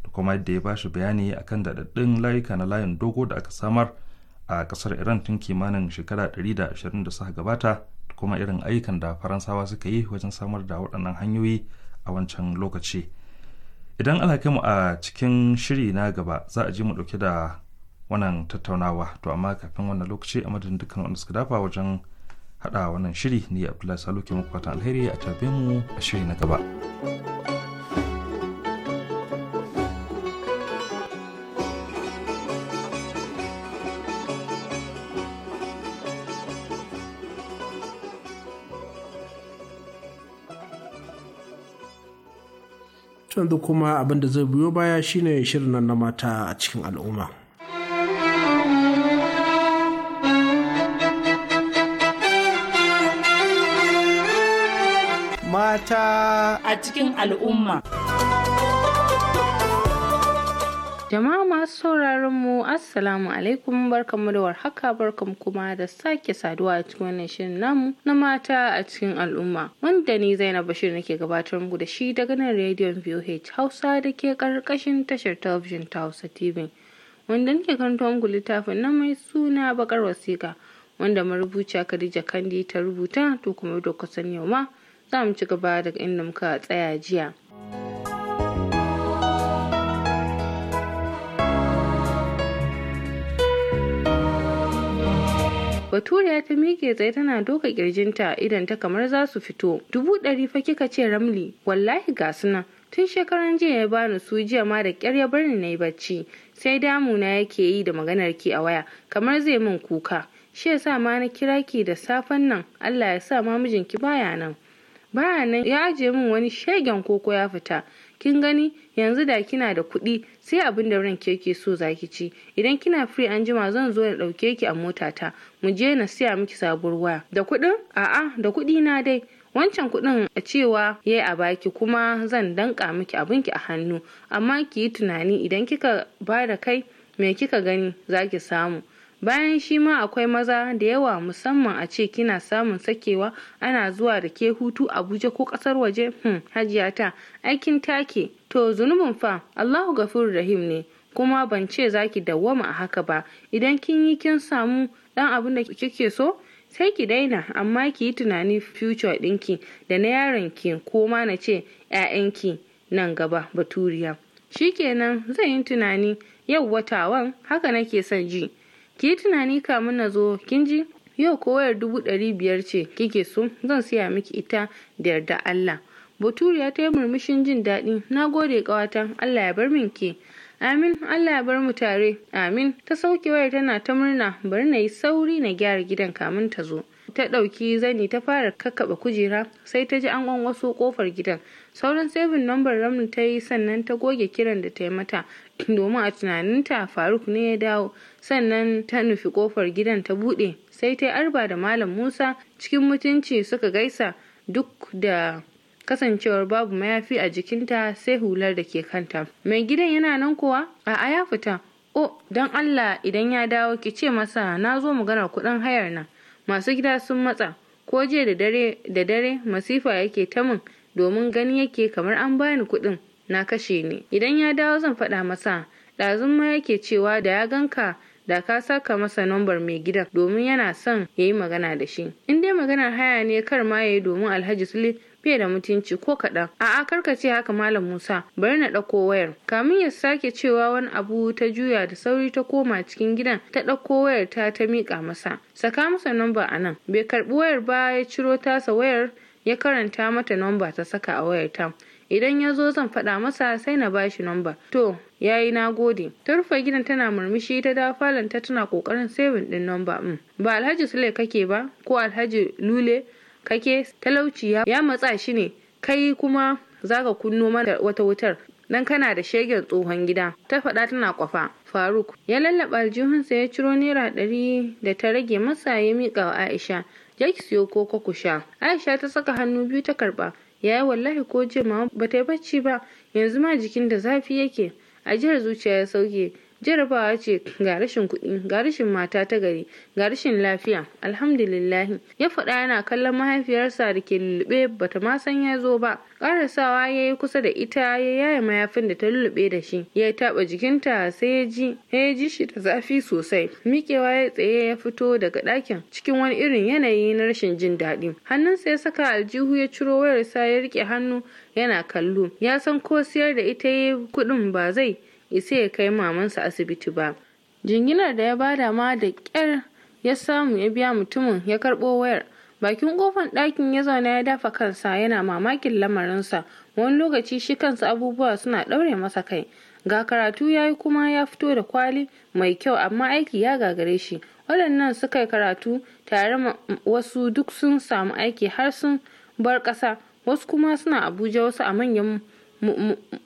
da kuma yadda ya bashi bayani akan daɗaɗɗun layuka na layin dogo da aka samar a ƙasar Iran tun kimanin shekara 120 da suka gabata da kuma irin ayyukan da Faransawa suka yi wajen samar da waɗannan hanyoyi a wancan lokaci. Idan alhakinmu a cikin shiri na gaba za a ji mu ɗauke da wannan tattaunawa to amma kafin wannan lokaci a madadin dukkan wanda suka dafa wajen haɗa wannan shiri ne abdullahi salo ke muku fatan alheri a tabe mu a shiri na gaba. yanzu kuma abin da zai biyo baya shine shirin nan na mata a cikin al'umma. mata a cikin al'umma. Jama'a masu sauraron mu Assalamu alaikum barkanmu da warhaka barkanmu kuma da sake saduwa a cikin wannan shirin namu na mata a cikin al'umma wanda ni Zainab Bashir nake gabatar muku da shi daga nan rediyon VOH Hausa da ke karkashin tashar talabijin ta Hausa TV wanda nake karanta muku littafin na mai suna bakar wasiƙa wanda marubuciya Khadija Kandi ta rubuta to kuma da kusan yau ma za mu ci gaba daga inda muka tsaya jiya Baturiya ta mike tsaye tana doka kirjinta idan ta kamar za su fito. Dubu ɗari fa kika ce Ramli, wallahi ga suna. Tun shekaran jiya ya bani su jiya ma da ƙyar ya bar na yi bacci. Sai damuna yake yi da maganar ki a waya, kamar zai min kuka. Shi ya sa ma na kira ki da safen nan, Allah ya sa ma mijinki baya nan. ba nan ya ajiye min wani shegen koko ya fita kin gani yanzu da kina da kuɗi sai abin da ran ke so zaki ci idan kina free an jima zan zo da ɗauke ki a motata mu je na siya miki sabuwar waya da kuɗin a'a da kuɗi na dai wancan kuɗin a cewa ya a baki kuma zan danka miki abinki a hannu amma ki yi tunani idan kika ba da kai me kika gani zaki samu bayan shi ma akwai maza da yawa musamman a ce kina samun sakewa ana zuwa da ke hutu abuja ko kasar waje hmm, hajiya ta aikin take to zunubin fa allahu gafur rahim ne kuma ban ce za ki dawwama a haka ba idan kin yi kin samu dan abin da kike so sai ki daina amma ki yi tunani future ɗinki da na yaronki ko ma na ce 'ya'yanki nan gaba baturiya shikenan zan yi tunani yau watawan haka nake son ji ki yi tunani kamun na zo kin ji yau ko wayar dubu ɗari biyar ce kike so zan siya miki ita da yarda Allah Baturiya ta yi murmushin jin daɗi na gode ƙawata Allah ya bar min ke Amin Allah ya bar mu tare Amin ta sauke wayar tana ta murna bari na yi sauri na gyara gidan kamun ta zo ta ɗauki zani ta fara kakkaɓa kujera sai ta ji an wasu ƙofar gidan sauran sabin nambar ramin ta yi sannan ta goge kiran da ta yi mata domin a tunaninta faruk ne ya dawo sannan ta nufi ƙofar gidan ta buɗe sai ta yi arba da malam musa cikin mutunci suka gaisa duk da kasancewar babu mayafi a jikinta sai hular da ke kanta mai gidan yana nan kowa? a'a ya fita o oh, don allah idan ya dawo ki ce masa na zo magana kuɗin hayar nan masu gida sun matsa ko jiya da dare da dare masifa yake ta min domin gani yake kamar an bani kuɗin na kashe ni idan ya dawo zan faɗa masa ɗazun ma yake cewa da ya ganka da ka saka masa nambar mai gidan domin yana son ya yi magana da shi in dai maganar haya ne kar ma ya yi domin alhaji sule fiye da mutunci ko kaɗan a'a kar ka ce haka malam musa bari na ɗauko wayar kamin ya sake cewa wani abu ta juya da sauri ta koma cikin gidan ta ɗauko wayar ta ta miƙa masa saka masa namba a nan bai karɓi wayar ba ya ciro tasa wayar ya karanta mata namba ta saka a wayar ta idan ya zo zan faɗa masa sai na ba shi namba to yayi na gode ta rufe gidan tana murmushi ta da falon ta tana kokarin sevin din namba ba alhaji sule kake ba ko alhaji lule kake talauci ya matsa shi ne kai kuma zaka kunno mana wata wutar dan kana da shegen tsohon gida ta faɗa tana kwafa faruk ya lallaba aljihunsa ya ciro naira ɗari da ta rage masa ya miƙa wa aisha ya ki siyo ko ku sha aisha ta saka hannu biyu ta karɓa yayi wallahi ko jiya mama ba ta yi bacci ba yanzu ma jikin da zafi yake a ajiyar zuciya ya sauke jarabawa ce ga rashin kuɗi ga rashin mata ta gari ga rashin lafiya alhamdulillahi ya faɗa yana kallon mahaifiyarsa da ke lullube bata ma san ya zo ba karasawa ya yi kusa da ita ya yaya mayafin da ta lullube da shi ya taɓa jikinta sai ya ji ya ji shi da zafi sosai miƙewa ya tsaye ya fito daga ɗakin cikin wani irin yanayi na rashin jin daɗi hannunsa ya saka aljihu ya ciro wayarsa ya riƙe hannu yana kallo ya san ko siyar da ita ya kuɗin ba zai isa ya kai mamansa asibiti ba jinginar da ya bada ma da ƙyar ya samu ya biya mutumin ya karɓo wayar bakin kofan ɗakin ya zauna ya dafa kansa yana mamakin lamarinsa wani lokaci shi kansa abubuwa suna ɗaure masa kai ga karatu ya yi kuma ya fito da kwali mai kyau amma aiki ya gagare shi waɗannan suka yi karatu tare wasu duk sun samu aiki har sun bar ƙasa wasu kuma suna abuja wasu a manyan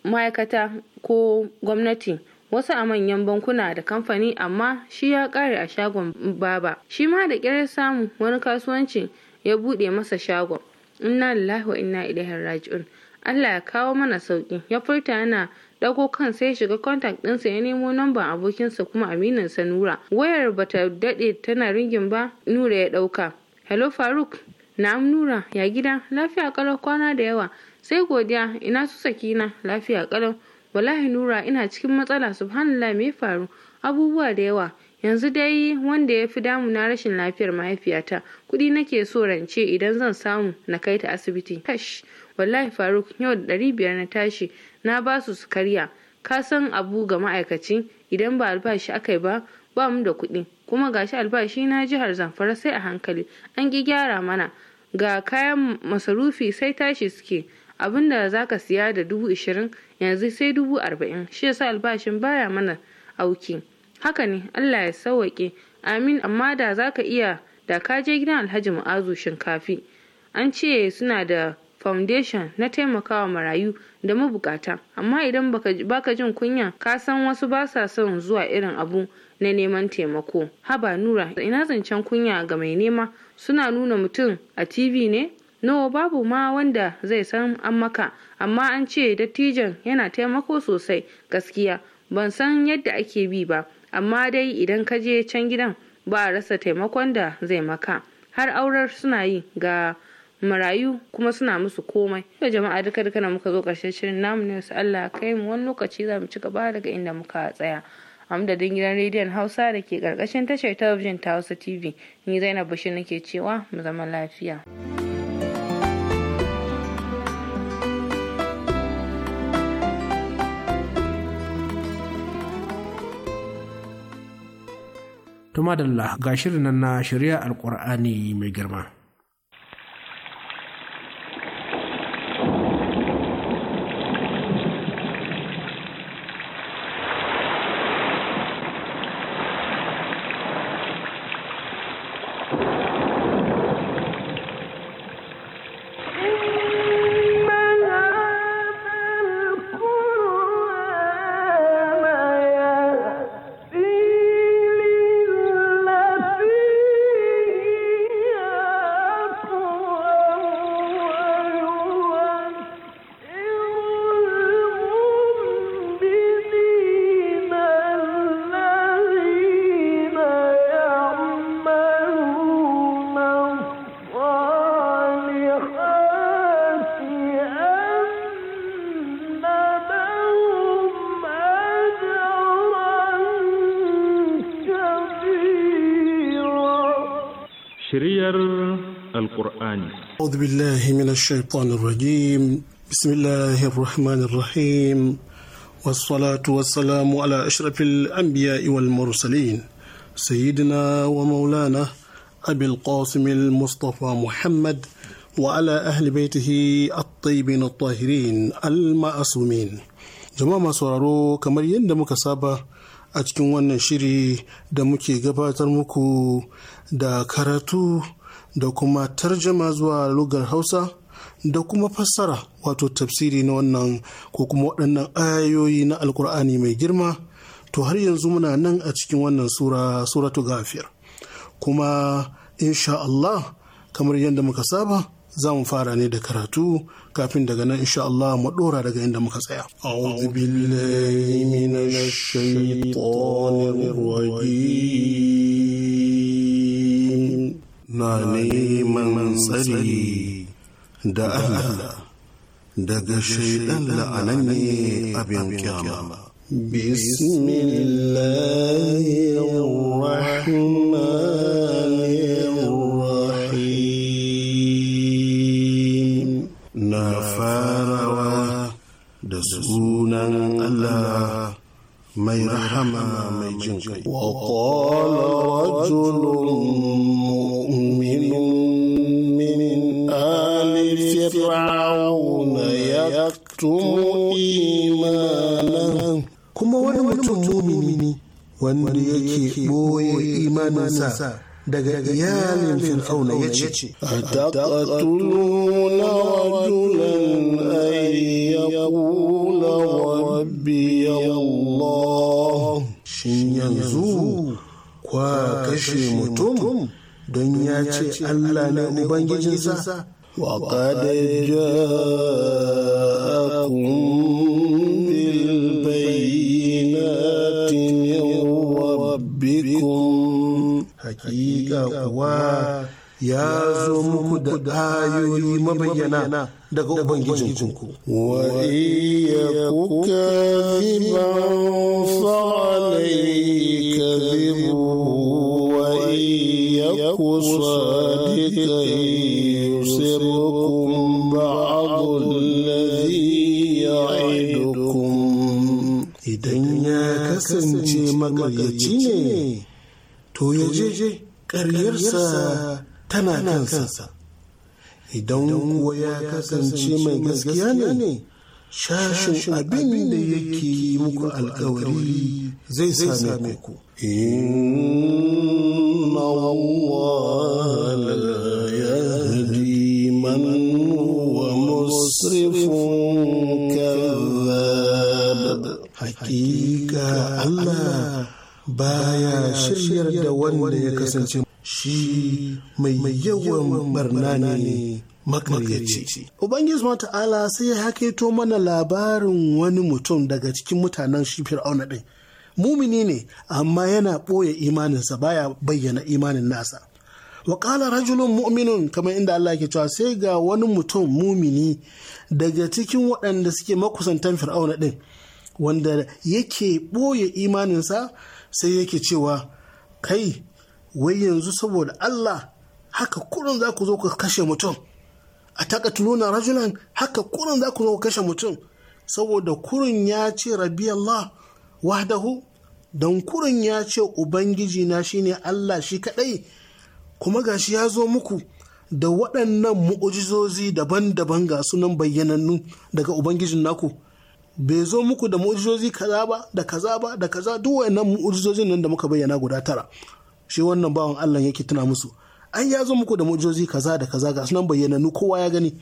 ma'aikata ko gwamnati wasu a manyan bankuna da kamfani amma shi ya kare a shagon baba shi ma da kyar samu wani kasuwanci ya buɗe masa shagon inna lillahi wa inna ilaihi raji'un Allah ya kawo mana sauki ya furta yana dago kan sai ya shiga kontak ɗinsa ya nemo namban abokinsa kuma sa Nura wayar bata daɗe tana ringin ba Nura ya ɗauka hello Faruk na'am Nura ya gida lafiya ƙarar kwana da yawa sai godiya ina su sakina lafiya kalau wallahi nura ina cikin matsala subhanallah me faru abubuwa da yawa yanzu dai wanda ya fi damu na rashin lafiyar mahaifiyata kudi nake so rance idan zan samu na kai ta asibiti kash wallahi faruk yau da ɗari biyar na tashi na ba su su karya ka san abu ga ma'aikaci idan ba albashi aka yi ba ba mu da kuɗi kuma gashi albashi na jihar zamfara sai a hankali an ki gyara mana ga kayan masarufi sai tashi suke abin da za ka siya da dubu ishirin yanzu sai dubu arba'in shi yasa albashin baya mana auki haka ne allah ya sauwaƙe amin amma da za ka iya da ka je gidan alhaji mu'azu shinkafi an ce suna da foundation na taimakawa marayu da mabukata amma idan baka jin kunya ka san wasu ba sa son zuwa irin abu na neman taimako haba nura ina zancen kunya ga mai nema suna nuna mutum a tv ne no babu ma wanda zai san an maka amma an ce dattijan yana taimako sosai gaskiya ban san yadda ake bi ba amma dai idan ka je can gidan ba a rasa taimakon da zai maka har aurar suna yi ga marayu kuma suna musu komai yau jama'a duka duka na muka zo karshen shirin namu ne su Allah kai mu wani lokaci za mu ci gaba daga inda muka tsaya amdadin gidan rediyon hausa da ke karkashin tashar talabijin ta hausa tv ni zainab bashir nake cewa mu zama lafiya. Tuma da ga shirin nan na shari'a alkur'ani mai girma. أعوذ بالله من الشيطان الرجيم بسم الله الرحمن الرحيم والصلاة والسلام على أشرف الأنبياء والمرسلين سيدنا ومولانا أبي القاسم المصطفى محمد وعلى أهل بيته الطيبين الطاهرين المعصومين جماعة سورارو كمر يندم كسابة أتكون شري دمكي قباتر مكو دا كاراتو da kuma tarjama zuwa lugar hausa da kuma fassara wato tafsiri na wannan ko kuma waɗannan ayoyi na alkur'ani mai girma to har yanzu muna nan a cikin wannan sura suratu gafiyar kuma insha Allah kamar yadda muka saba za mu fara ne da karatu kafin daga nan insha Allah mu ɗora daga inda muka tsaya. أعوذ na neman tsari da Allah daga shaidan la'ananne abin kyama. بسم الله الرحمن الرحيم نفاروا دسونا الله ما يرحم ما يجنك وقال رجل imanan kuma wani mutum mumini wanda yake boye imaninsa daga iyalin fir'auna ya ce ataqatuluna rajulan ay kula rabbi allah shin yanzu kwa kashe mutum don ya ce allah ne ubangijinsa وقد جاءكم بالبينات من ربكم حقيقة و يا زوم قد آيوني مبينا وإن كاذبا فعليه كذب وإن يك صادقين makaryaci ne to ya je karyarsa tana kansa idan kuwa ya kasance mai gaskiya ne shashin abin da yake muku alkawari zai same ku inna Allah la yahdi man مسرف كذاب hakika allah. baya shiryar da wanda ya kasance shi mai yawan barna ne makaryaci. Ubangiji wa sai ya to mana labarin wani mutum daga cikin mutanen shi fir'auna ɗin. Mumini ne, amma yana ɓoye imaninsa baya bayyana imanin nasa. Wa rajulun mu'minun kamar inda Allah ke cewa sai ga wani mutum mumini daga cikin waɗanda suke makusantan fir'auna ɗin wanda yake ɓoye imaninsa sai yake cewa kai wai yanzu saboda Allah haka kurin za ku zo ku kashe mutum a takatuluna rajulan haka kurin za ku zo ku kashe mutum saboda kurin ya ce rabbi Allah wahdahu don kurin ya ce ubangiji na shine Allah shi kadai kuma gashi ya zo muku da waɗannan mu'ujizozi daban-daban ga sunan bayyanannu daga ubangijin naku bai zo muku da mu'ujizozi kaza ba da kaza ba da kaza duk wayannan mu'ujizozin nan da muka bayyana guda tara shi wannan bawan Allah yake tuna musu ai ya zo muku da mu'ujizozi kaza da kaza ga sunan bayyananu kowa ya gani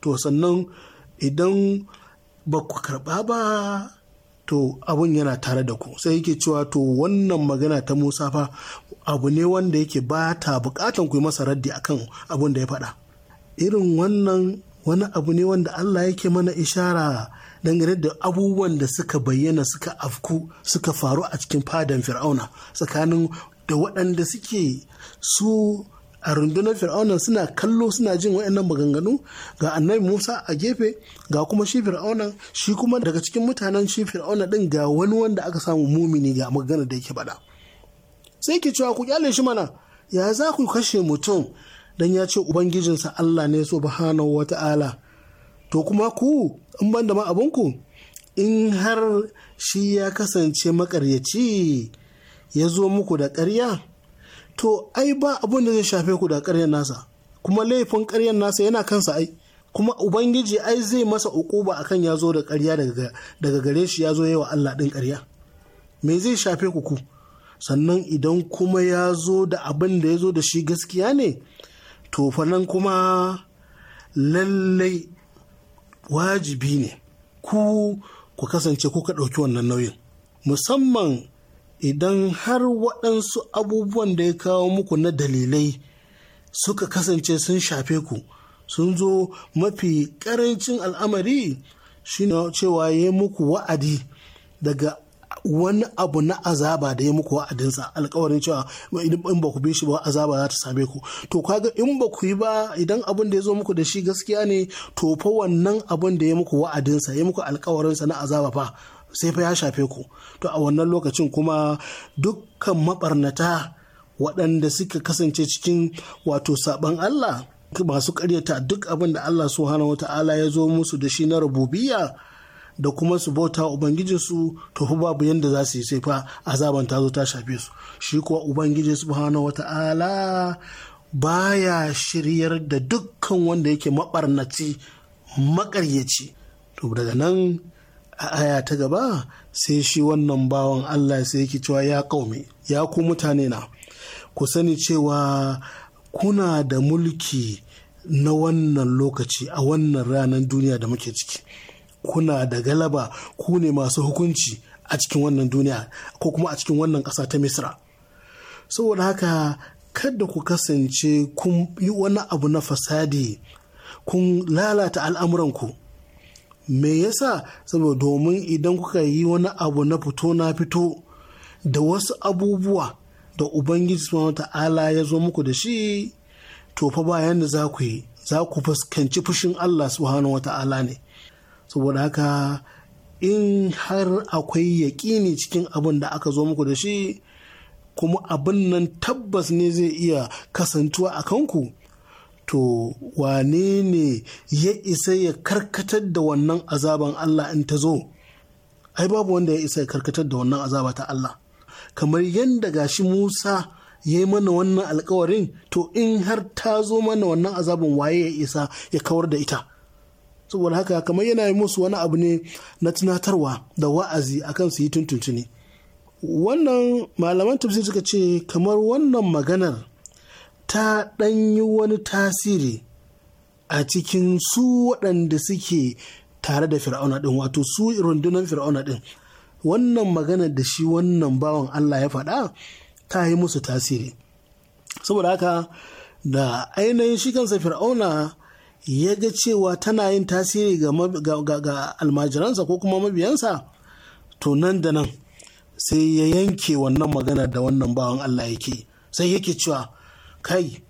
to sannan idan ba ku karba ba to abun yana tare da ku sai yake cewa to wannan magana ta Musa fa abu ne wanda yake ba ta bukatan ku yi masa raddi akan abun da ya faɗa irin wannan wani abu ne wanda Allah yake mana ishara dangane da abubuwan da suka bayyana suka afku suka faru a cikin fadan fir'auna tsakanin da waɗanda suke su a rundunar fir'auna suna kallo suna jin waɗannan maganganu ga annabi musa a gefe ga kuma shi fir'auna shi kuma daga cikin mutanen shi fir'auna ɗin ga wani wanda aka samu mumini ga maganar da yake baɗa. sai ke cewa ku kyale shi mana ya za ku kashe mutum dan ya ce ubangijinsa allah ne subhanahu wata'ala to kuma ku in ban da ma abinku in har shi ya kasance makaryaci ya zo muku da ƙarya to ai ba abin da zai shafe ku da ƙaryar nasa kuma laifin ƙaryar nasa yana kansa ai kuma ubangiji ai zai masa ukuba akan ya zo da ƙarya daga gare shi ya zo yawa Allah ɗin ƙarya me zai shafe ku ku sannan idan kuma ya zo da abin da ya zo da shi gaskiya ne to fa nan kuma lallai wajibi ne ku ku kasance ku ɗauki wannan nauyin musamman idan har waɗansu abubuwan da ya kawo muku na dalilai suka kasance sun shafe ku sun zo mafi ƙarancin al'amari shine cewa ya muku wa'adi daga wani abu na azaba da ya muku wa'adinsa alkawarin cewa in ba ku bi shi ba azaba za ta same ku to kaga in ba ku yi ba idan abin da ya zo muku da shi gaskiya ne to fa wannan abin da ya muku wa'adinsa ya muku alkawarinsa na azaba fa sai fa ya shafe ku to a wannan lokacin kuma dukkan mabarnata waɗanda suka kasance cikin wato saɓan Allah masu karyata duk abin da Allah subhanahu wata'ala ya zo musu da shi na rububiyya da kuma su bauta ubangijinsu to fa babu yadda za su yi sai fa azaban ta zo ta shafe su shi kuwa ubangiji subhanahu wata'ala baya shiryar da dukkan wanda yake maɓarnaci maƙaryaci. to daga nan a aya ta gaba sai shi wannan bawan Allah sai yake cewa ya kaume ya ku mutane na ku sani cewa kuna da mulki na wannan lokaci a wannan ranar duniya da muke ciki kuna da galaba ku ne masu hukunci a cikin wannan duniya ko kuma a cikin wannan ƙasa ta misra saboda haka kada ku kasance kun yi wani abu na fasadi kun lalata al'amuranku me yasa saboda domin idan kuka yi wani abu na fito na fito da wasu abubuwa da ubangiji subhanahu ta'ala ya zo muku da shi to fa bayan da za ku yi za ku fuskanci fushin Allah subhanahu ala ne saboda haka in har akwai yaƙini cikin abin da aka zo muku da shi kuma abin nan tabbas ne zai iya kasantuwa a kanku to wane ne ya isa ya karkatar da wannan azaban Allah in ta zo ai babu wanda ya isa ya karkatar da wannan azaba ta Allah kamar yadda gashi Musa ya yi mana wannan alkawarin to in har ta zo mana wannan azaban waye ya isa ya kawar da ita saboda haka kamar yana yi musu wani abu ne na tunatarwa da wa'azi akan su yi tuntuntuni wannan malaman tafsir suka ce kamar wannan maganar ta ɗanyi wani tasiri a cikin su waɗanda suke tare da fir'auna ɗin wato su rundunar fir'auna ɗin wannan magana da shi wannan bawan Allah ya faɗa ta yi musu tasiri saboda haka da ainihin shi kansa fir'auna ya ga cewa tana yin tasiri ga almajiransa ko kuma mabiyansa to nan da nan sai ya yanke wannan magana da wannan bawan Allah yake sai yake cewa kai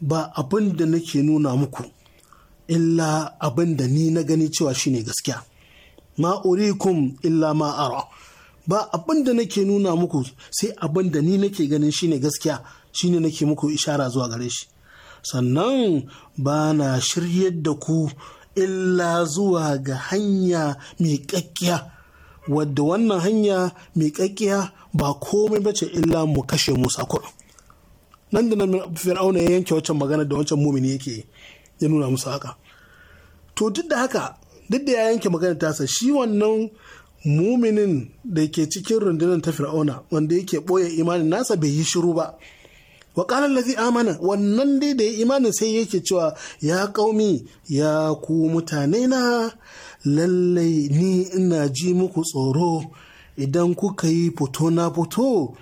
ba abin da nake nuna muku illa abin da ni na gani cewa shine gaskiya ma urikum illa ma ara ba abin da nake nuna muku sai abin da ni nake ganin shine gaskiya shine nake muku ishara zuwa gare shi sannan ba na shiryar da ku illa zuwa ga hanya miƙaƙƙiya wadda wannan hanya miƙaƙƙiya ba komai bace illa mu kashe musa kuɗin nan da nan fir'auna ya yanke waccan magana da wancan mumini yake ya nuna musu haka to duk da haka duk da ya yanke magana tasa shi wannan muminin da ke cikin rundunar ta fir'auna wanda yake ɓoye imanin nasa bai yi shiru ba wa qala allazi amana wannan dai da ya imanin sai yake cewa ya ƙaumi ya ku mutane na lallai ni ina ji muku tsoro idan kuka yi fito na fito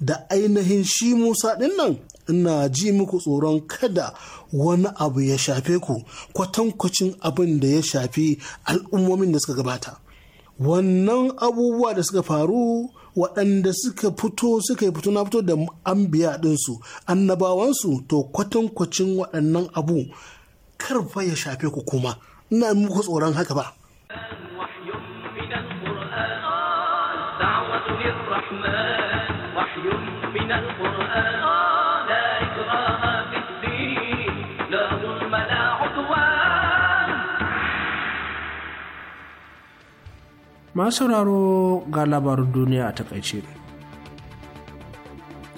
da ainihin shi Musa ɗin nan ina ji muku tsoron kada wani abu ya shafe ku kwatankwacin abin da ya shafi al'ummomin da suka gabata. Wannan abubuwa da suka faru waɗanda suka fito suka yi fito na fito da ambiya ɗinsu annabawansu to kwatankwacin waɗannan abu karfa ya shafe ku kuma ina muku tsoron haka ba masu sauraro ga labarin duniya a takaice.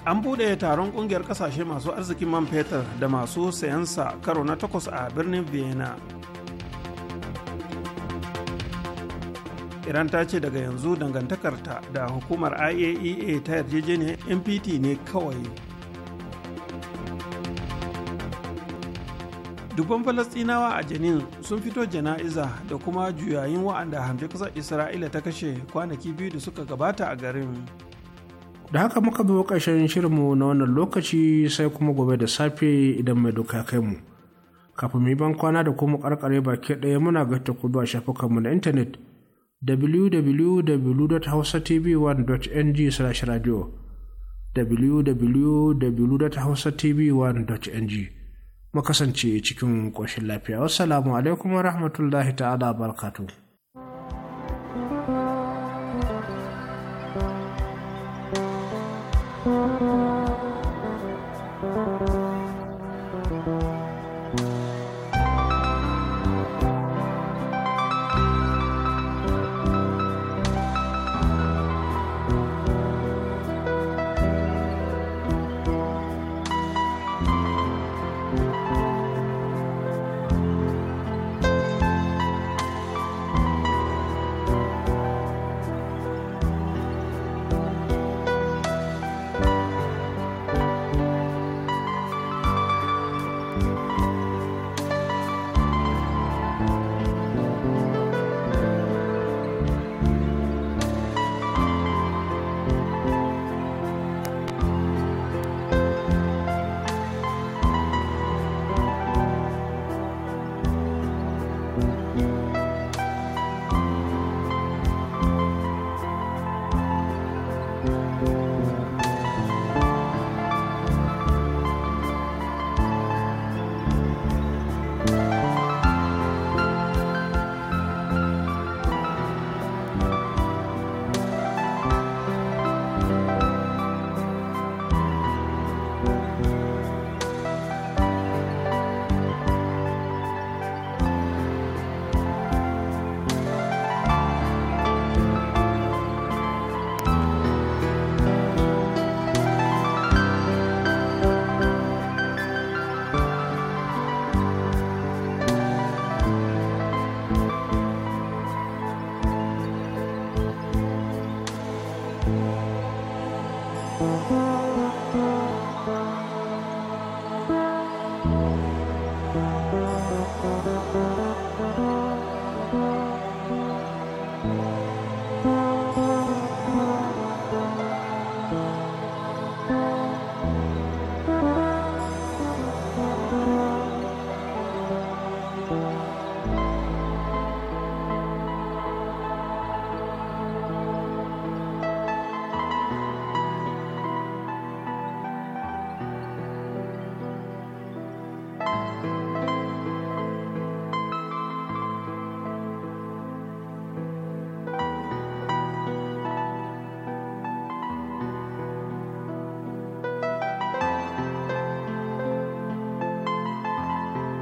an bude taron kungiyar kasashe masu arzikin man fetur da masu sayansa karo na takwas a birnin vienna iran ta ce daga yanzu dangantakarta da hukumar iaea e ta yarjejeniyar npt ne kawai dubban falastinawa a janin sun fito jana'iza da kuma juyayin wa'anda hamshe kasar isra'ila ta kashe kwanaki biyu da suka gabata a garin da haka muka bi ƙarshen shirinmu na wannan lokaci sai kuma gobe da safe idan mai doka kai mu kafin mu ban kwana da kuma karkare baki ɗaya muna ta kudu a shafukanmu na intanet www.hausatv1.ng/radio www.hausatv1.ng mu kasance cikin ƙoshin lafiya wassalamu alaikum wa rahmatullahi ta'ala barkatu